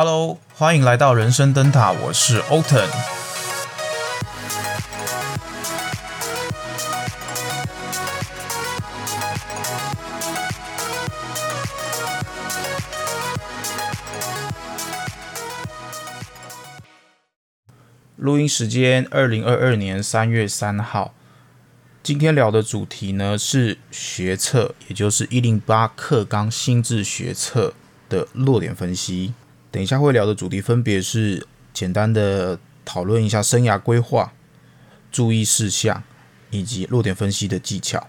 Hello，歡迎來到人生燈塔，我是 Otan。錄音時間：二零二二年三月三號。今天聊的主題呢是學測，也就是一零八課綱新制學測的落點分析。等一下會聊的主題分別是簡單的討論一下生涯規劃、注意事項，以及落點分析的技巧。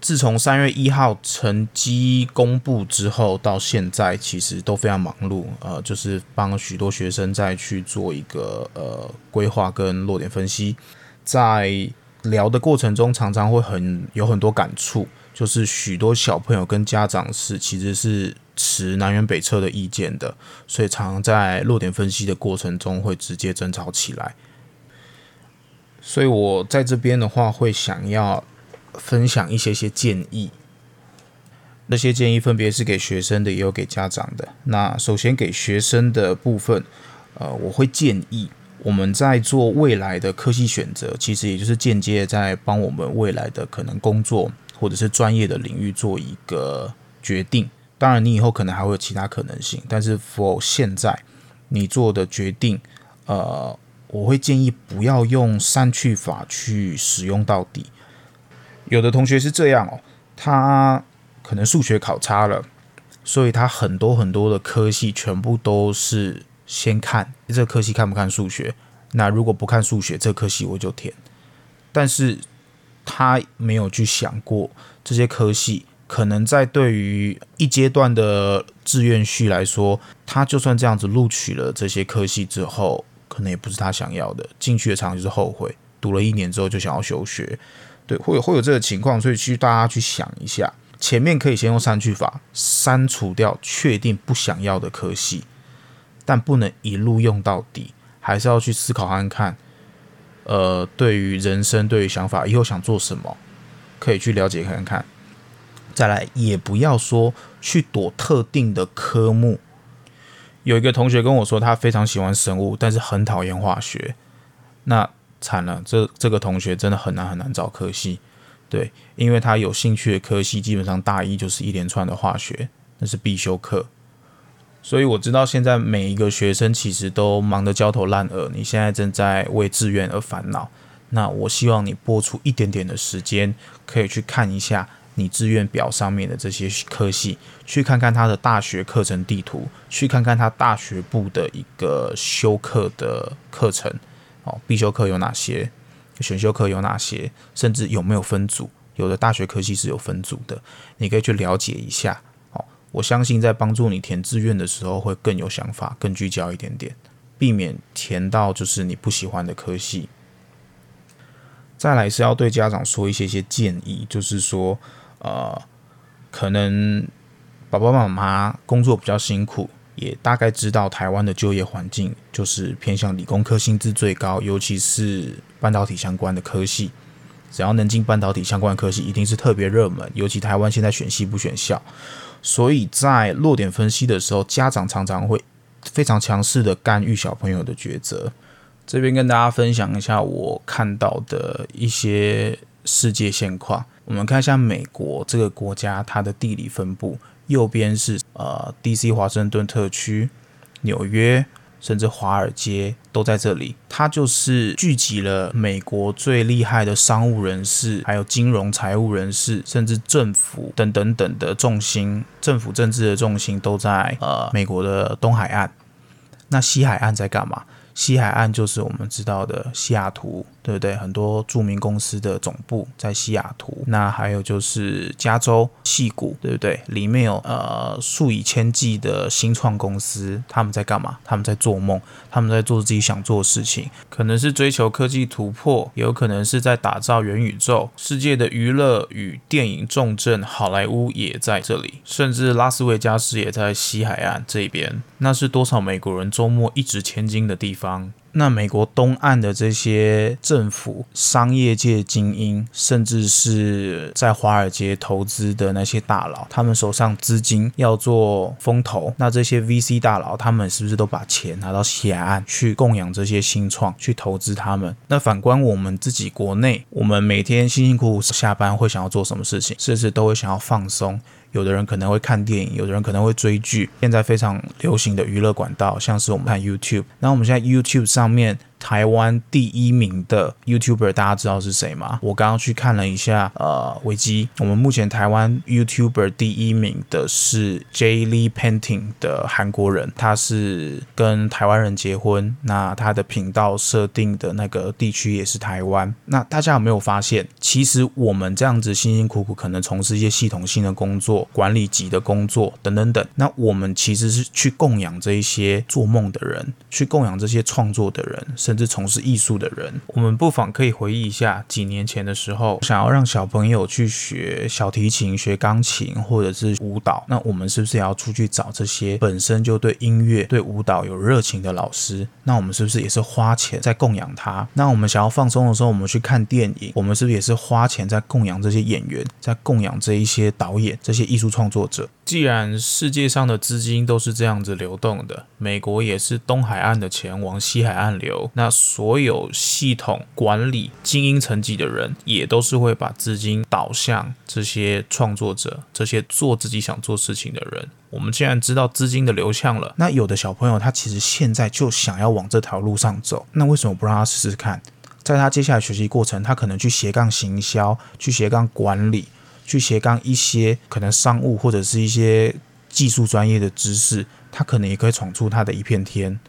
自從三月一號成績公布之後到現在，其實都非常忙碌，呃，就是幫許多學生再去做一個呃規劃跟落點分析。在聊的過程中，常常會很有很多感觸，就是許多小朋友跟家長是其實是。持南轅北轍的意見的，所以常常在落點分析的過程中會直接爭吵起來。所以我在這邊的話，會想要分享一些些建議。那些建議分別是給學生的，也有給家長的。那首先給學生的部分，呃，我會建議我們在做未來的科系選擇，其實也就是間接在幫我們未來的可能工作或者是專業的領域做一個決定。當然，你以後可能還會有其他可能性，但是 for 現在你做的決定，呃，我會建議不要用刪去法去使用到底。有的同學是這樣哦，他可能數學考差了，所以他很多很多的科系全部都是先看這科系看不看數學。那如果不看數學，這科系我就填，但是他沒有去想過這些科系，可能在對於一階段的志願序來說，他就算這樣子錄取了這些科系之後，可能也不是他想要的，進去的常常就是後悔，讀了一年之後就想要休學，對，會有會有這個情況。所以去大家去想一下，前面可以先用刪去法刪除掉確定不想要的科系，但不能一路用到底，還是要去思考看看。呃，對於人生，對於想法，以後想做什麼，可以去了解看看。再來也不要說去躲特定的科目。有一個同學跟我說，他非常喜歡生物，但是很討厭化學。那慘了，這這個同學真的很難很難找科系，對，因為他有興趣的科系基本上大一就是一連串的化學，那是必修課。所以我知道現在每一個學生其實都忙得焦頭爛額，你現在正在為志願而煩惱。那我希望你撥出一點點的時間，可以去看一下。你志願表上面的這些科系，去看看他的大學課程地圖，去看看他大學部的一個修課的課程，哦，必修課有哪些，選修課有哪些，甚至有沒有分組？有的大學科系是有分組的，你可以去了解一下。哦，我相信在幫助你填志願的時候會更有想法，更聚焦一點點，避免填到就是你不喜歡的科系。再來是要對家長說一些些建議，就是說。呃，可能爸爸媽媽工作比較辛苦，也大概知道台灣的就業環境就是偏向理工科，薪資最高，尤其是半導體相關的科系，只要能進半導體相關的科系，一定是特別熱門。尤其台灣現在選系不選校，所以在落點分析的時候，家長常常會非常強勢的干預小朋友的抉擇。這邊跟大家分享一下我看到的一些世界現況。我們看一下美國這個國家，它的地理分布。右邊是呃，DC 華盛頓特區、紐約，甚至華爾街都在這裡。它就是聚集了美國最厲害的商務人士，還有金融財務人士，甚至政府等等等的重心。政府政治的重心都在呃美國的東海岸。那西海岸在幹嘛？西海岸就是我們知道的西雅圖，對不對？很多著名公司的總部在西雅圖。那還有就是加州矽谷，對不對？裡面有呃數以千計的新創公司，他們在幹嘛？他們在做夢，他們在做自己想做的事情。可能是追求科技突破，也有可能是在打造元宇宙。世界的娛樂與電影重鎮，好萊塢也在這裡，甚至拉斯維加斯也在西海岸這邊。那是多少美國人週末一擲千金的地方。那美國東岸的這些政府、商業界精英，甚至是在華爾街投資的那些大佬，他們手上資金要做風投，那這些 VC 大佬，他們是不是都把錢拿到西岸去供養這些新創，去投資他們？那反觀我們自己國內，我們每天辛辛苦苦下班，會想要做什麼事情？甚至都會想要放鬆。有的人可能會看電影，有的人可能會追劇。現在非常流行的娛樂管道，像是我們看 YouTube。然後我們現在 YouTube 上面。台灣第一名的 YouTuber，大家知道是誰嗎？我剛剛去看了一下，呃，維基。我們目前台灣 YouTuber 第一名的是 Jay Lee Painting 的韓國人，他是跟台灣人結婚。那他的頻道設定的那個地區也是台灣。那大家有沒有發現，其實我們這樣子辛辛苦苦，可能從事一些系統性的工作、管理級的工作等等等。那我們其實是去供養這一些做夢的人，去供養這些創作的人。甚至從事藝術的人，我們不妨可以回憶一下幾年前的時候，想要讓小朋友去學小提琴、學鋼琴或者是舞蹈，那我們是不是也要出去找這些本身就對音樂、對舞蹈有熱情的老師？那我們是不是也是花錢在供養他？那我們想要放鬆的時候，我們去看電影，我們是不是也是花錢在供養這些演員，在供養這一些導演、這些藝術創作者？既然世界上的資金都是這樣子流動的，美國也是東海岸的錢往西海岸流，那所有系統管理、精英層級的人也都是會把資金導向這些創作者、這些做自己想做事情的人。我們既然知道資金的流向了，那有的小朋友他其實現在就想要往這條路上走，那為什麼不讓他試試看？在他接下來學習過程，他可能去斜槓行銷，去斜槓管理。去斜槓一些可能商務或者是一些技術專業的知識，他可能也可以闖出他的一片天。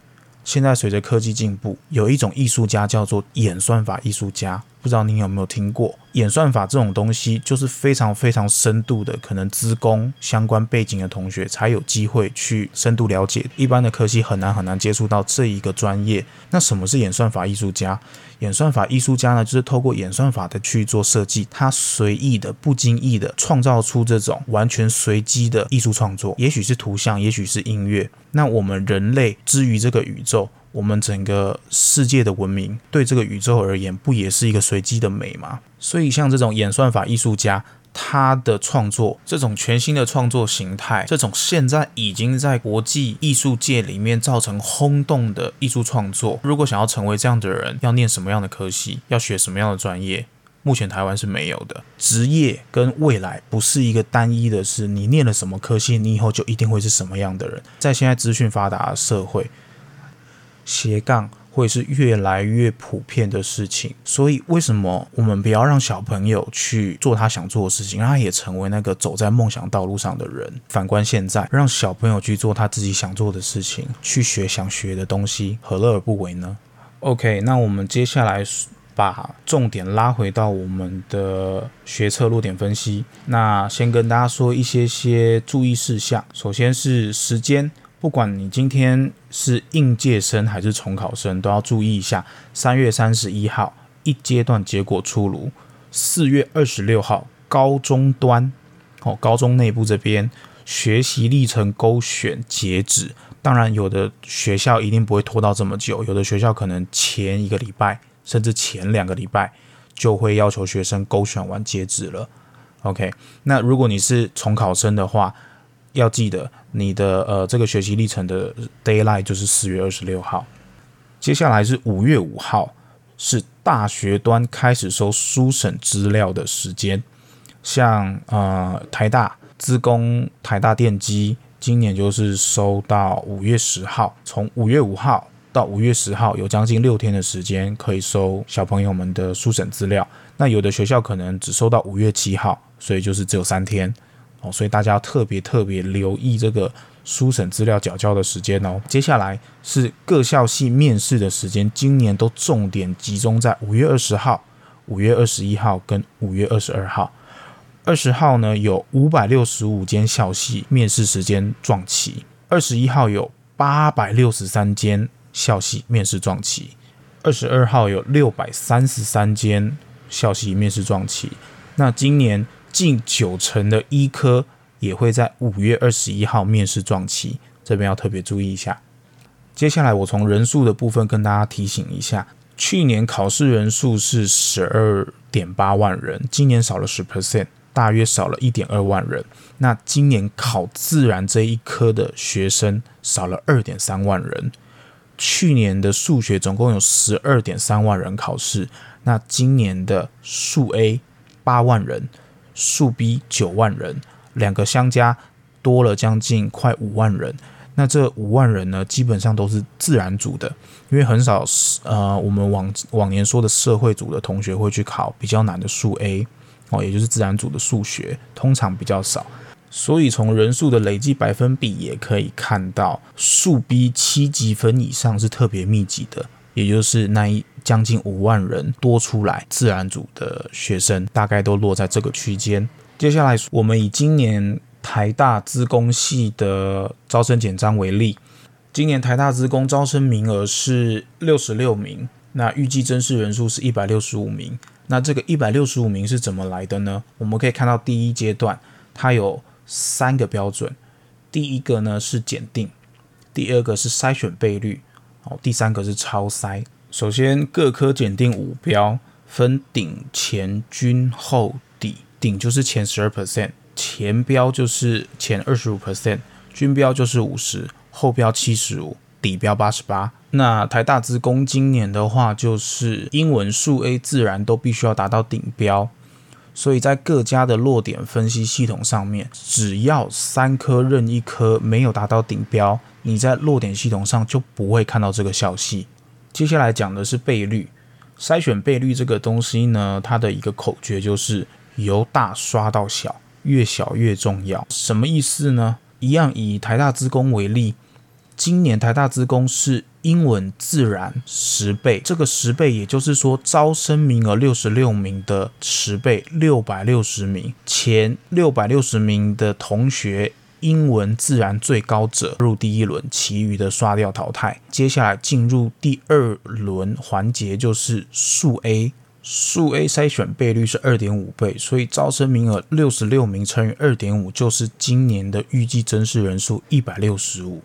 現在隨着科技進步，有一種藝術家叫做演算法藝術家。不知道您有沒有聽過演算法這種東西，就是非常非常深度的，可能資工相關背景的同學才有機會去深度了解，一般的科系很難很難接觸到這一個專業。那什麼是演算法藝術家？演算法藝術家呢，就是透過演算法的去做設計，他隨意的、不經意的創造出這種完全隨機的藝術創作，也許是圖像，也許是音樂。那我們人類之於這個宇宙。我們整個世界的文明對這個宇宙而言，不也是一個隨機的美嗎？所以，像這種演算法藝術家，他的創作，這種全新的創作形態，這種現在已經在國際藝術界裡面造成轟動的藝術創作，如果想要成為這樣的人，要念什麼樣的科系，要學什麼樣的專業？目前台灣是沒有的。職業跟未來不是一個單一的是，是你念了什麼科系，你以後就一定會是什麼樣的人。在現在資訊發達的社會。斜槓會是越來越普遍的事情，所以為什麼我們不要讓小朋友去做他想做的事情，讓他也成為那個走在夢想道路上的人？反觀現在，讓小朋友去做他自己想做的事情，去學想學的東西，何樂而不為呢？OK，那我們接下來把重點拉回到我們的學測落點分析。那先跟大家說一些些注意事項，首先是時間。不管你今天是應屆生還是重考生，都要注意一下：三月三十一號一階段結果出爐，四月二十六號高中端哦，高中內部這邊學習歷程勾選截止。當然，有的學校一定不會拖到這麼久，有的學校可能前一個禮拜甚至前兩個禮拜就會要求學生勾選完截止了。OK，那如果你是重考生的話，要記得你的呃這個學習歷程的 deadline 就是四月二十六號，接下來是五月五號，是大學端開始收書審資料的時間。像呃台大、資工、台大電機，今年就是收到五月十號。從五月五號到五月十號有將近六天的時間可以收小朋友們的書審資料。那有的學校可能只收到五月七號，所以就是只有三天。哦，所以大家要特別特別留意這個書審資料繳交的時間哦。接下來是各校系面試的時間，今年都重點集中在五月二十號、五月二十一號跟五月二十二號。二十號呢有五百六十五間校系面試時間撞期，二十一號有八百六十三間校系面試撞期，二十二號有六百三十三間校系面試撞期。那今年，近九成的醫科也會在五月二十一號面試撞期，這邊要特別注意一下。接下來，我從人數的部分跟大家提醒一下：去年考試人數是十二點八萬人，今年少了十 percent，大約少了一點二萬人。那今年考自然這一科的學生少了二點三萬人。去年的數學總共有十二點三萬人考試，那今年的數 A 八萬人。數 B 九萬人，兩個相加多了將近快五萬人。那這五萬人呢，基本上都是自然組的，因為很少是呃，我們往往年說的社會組的同學會去考比較難的數 A 哦，也就是自然組的數學，通常比較少。所以從人數的累計百分比也可以看到，數 B 七級分以上是特別密集的。也就是那一將近五萬人多出來，自然組的學生大概都落在這個區間。接下來，我們以今年台大資工系的招生簡章為例，今年台大資工招生名額是六十六名，那預計甄試人數是一百六十五名。那這個一百六十五名是怎麼來的呢？我們可以看到第一階段它有三個標準，第一個呢是檢定，第二個是篩選倍率。好，第三個是超篩。首先，各科檢定五標，分頂、前、均、後、底。頂就是前十二 percent，前標就是前二十五 percent，均標就是五十，後標七十五，底標八十八。那台大資工今年的話，就是英文、數 A 自然都必須要達到頂標。所以在各家的落點分析系統上面，只要三科任一科沒有達到頂標，你在落點系統上就不會看到這個消息。接下來講的是倍率，篩選倍率這個東西呢，它的一個口訣就是由大刷到小，越小越重要。什麼意思呢？一樣以台大資工為例，今年台大資工是。英文自然十倍，這個十倍也就是說招生名額六十六名的十倍，六百六十名，前六百六十名的同學英文自然最高者入第一輪，其餘的刷掉淘汰。接下來進入第二輪環節，就是數 A，數 A 篩選倍率是二點五倍，所以招生名額六十六名乘以二點五就是今年的預計甄試人數一百六十五。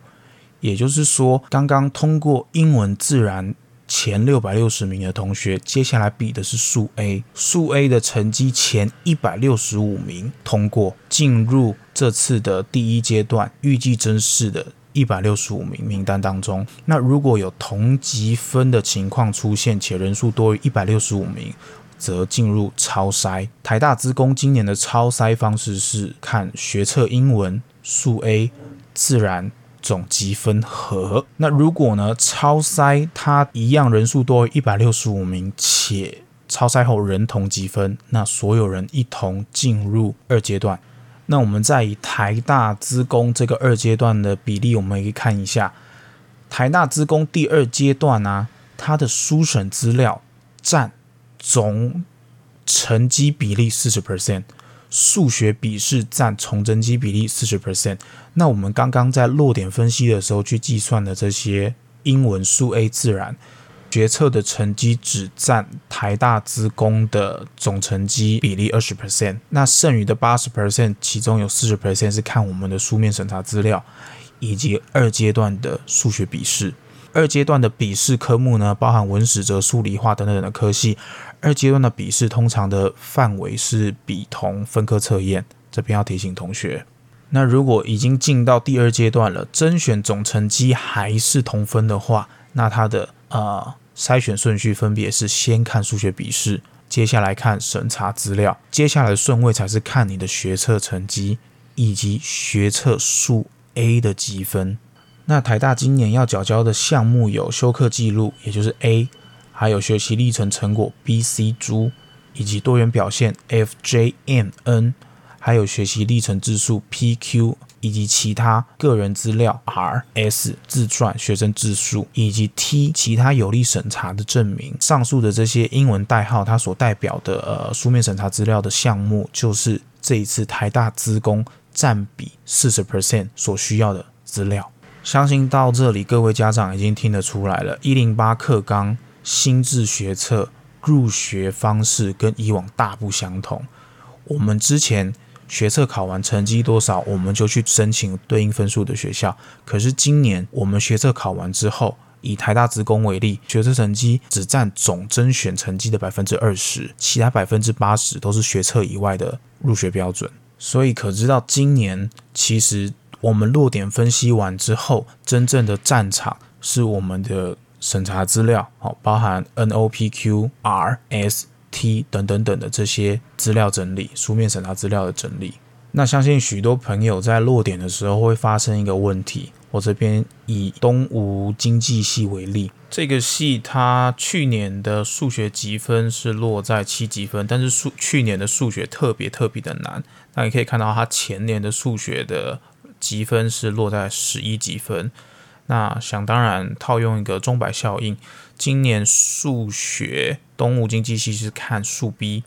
也就是說，剛剛通過英文自然前六百六十名的同學，接下來比的是數 A，數 A 的成績前一百六十五名通過，進入這次的第一階段預計甄試的一百六十五名名單當中。那如果有同級分的情況出現，且人數多於一百六十五名，則進入超篩。台大資工今年的超篩方式是看學測英文、數 A、自然。總積分和。那如果呢，超篩它一樣人數多於一百六十五名，且超篩後人同積分，那所有人一同進入二階段。那我們再以台大資工這個二階段的比例，我們可以看一下台大資工第二階段呢、啊、它的書審資料占總成績比例四十 percent。數學筆試占總成績比例四十 percent，那我們剛剛在落點分析的時候去計算的這些英文、數 A、自然、學測的成績，只占台大資工的總成績比例二十 percent，那剩餘的八十 percent，其中有四十 percent 是看我們的書面審查資料以及二階段的數學筆試。二階段的筆試科目呢，包含文史哲、數理化等等的科系。二階段的筆試通常的範圍是比同分科測驗。這邊要提醒同學，那如果已經進到第二階段了，甄選總成績還是同分的話，那它的啊篩選順序分別是先看數學筆試，接下來看審查資料，接下來的順位才是看你的學測成績以及學測數 A 的積分。那台大今年要繳交的項目有修課記錄，也就是 A，還有學習歷程成果 B、C、Z，以及多元表現 F、J、M、N，還有學習歷程自述 P、Q，以及其他個人資料 R、S 自傳、學生自述以及 T 其他有利審查的證明。上述的這些英文代號，它所代表的呃書面審查資料的項目，就是這一次台大資工佔比四十 percent 所需要的資料。相信到這裡，各位家長已經聽得出來了。一零八課綱新制學測入學方式跟以往大不相同。我們之前學測考完成績多少，我們就去申請對應分數的學校。可是今年我們學測考完之後，以台大資工為例，學測成績只占總甄選成績的百分之二十，其他百分之八十都是學測以外的入學標準。所以可知道，今年其實。我們落點分析完之後，真正的戰場是我們的審查資料，包含 N O P Q R S T 等等等的這些資料整理，書面審查資料的整理。那相信許多朋友在落點的時候會發生一個問題，我這邊以東吳經濟系為例，這個系它去年的數學級分是落在七級分，但是數去年的數學特別特別的難。那你可以看到它前年的數學的。級分是落在十一級分，那想當然套用一個鐘擺效應，今年數學東吳經濟系是看數 B，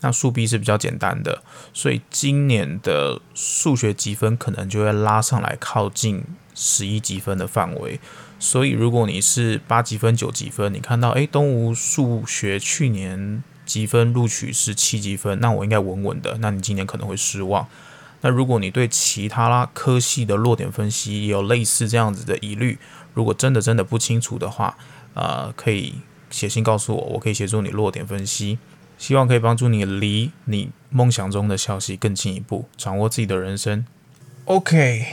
那數 B 是比較簡單的，所以今年的數學級分可能就會拉上來，靠近十一級分的範圍。所以如果你是八級分、九級分，你看到誒，東吳數學去年級分錄取是七級分，那我應該穩穩的，那你今年可能會失望。那如果你對其他科系的落點分析也有類似這樣子的疑慮，如果真的真的不清楚的話，啊、呃，可以寫信告訴我，我可以協助你落點分析，希望可以幫助你離你夢想中的校系更進一步，掌握自己的人生。OK，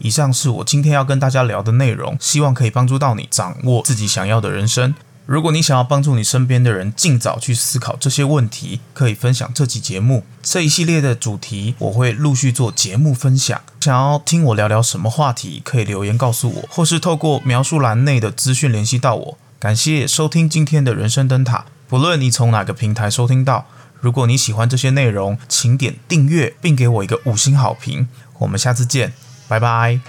以上是我今天要跟大家聊的內容，希望可以幫助到你掌握自己想要的人生。如果你想要幫助你身邊的人盡早去思考這些問題，可以分享這期節目。這一系列的主題，我會陸續做節目分享。想要聽我聊聊什麼話題，可以留言告訴我，或是透過描述欄內的資訊聯繫到我。感謝收聽今天的人生燈塔，不論你從哪個平台收聽到，如果你喜歡這些內容，請點訂閱並給我一個五星好評。我們下次見，拜拜。